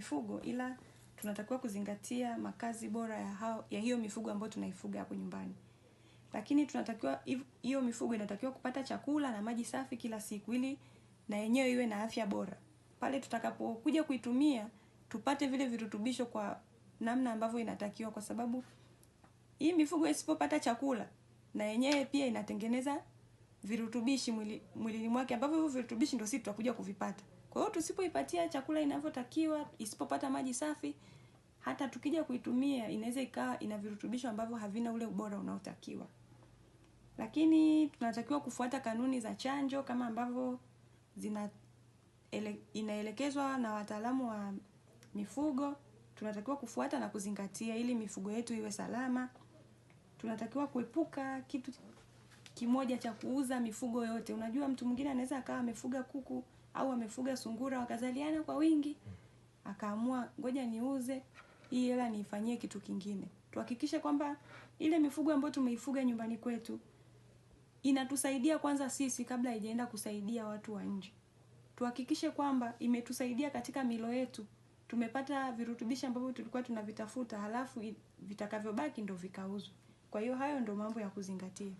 mifugo, ila tunatakiwa kuzingatia makazi bora ya, hao, ya hiyo mifugo ambayo tunaifuga hapo nyumbani. Lakini tunatakiwa hiyo mifugo inatakiwa kupata chakula na maji safi kila siku ili na yenyewe iwe na afya bora. Pale tutakapokuja kuitumia tupate vile virutubisho kwa namna ambavyo inatakiwa kwa sababu hii mifugo isipopata chakula na yenyewe pia inatengeneza virutubishi mwilini mwili mwake ambavyo hivyo virutubishi ndio sisi tutakuja kuvipata. Kwa hiyo tusipoipatia chakula inavyotakiwa, isipopata maji safi, hata tukija kuitumia inaweza ikawa ina virutubisho ambavyo havina ule ubora unaotakiwa. Lakini tunatakiwa kufuata kanuni za chanjo kama ambavyo zina ele, inaelekezwa na wataalamu wa mifugo. Tunatakiwa kufuata na kuzingatia ili mifugo yetu iwe salama. Tunatakiwa kuepuka kitu kimoja cha kuuza mifugo yote. Unajua mtu mwingine anaweza akawa amefuga kuku au amefuga sungura wakazaliana kwa wingi, akaamua ngoja niuze hii hela niifanyie kitu kingine. Tuhakikishe kwamba ile mifugo ambayo tumeifuga nyumbani kwetu inatusaidia kwanza sisi kabla haijaenda kusaidia watu wa nje. Tuhakikishe kwamba imetusaidia katika milo yetu, tumepata virutubishi ambavyo tulikuwa tunavitafuta, halafu vitakavyobaki ndo vikauzwe. Kwa hiyo hayo ndo mambo ya kuzingatia.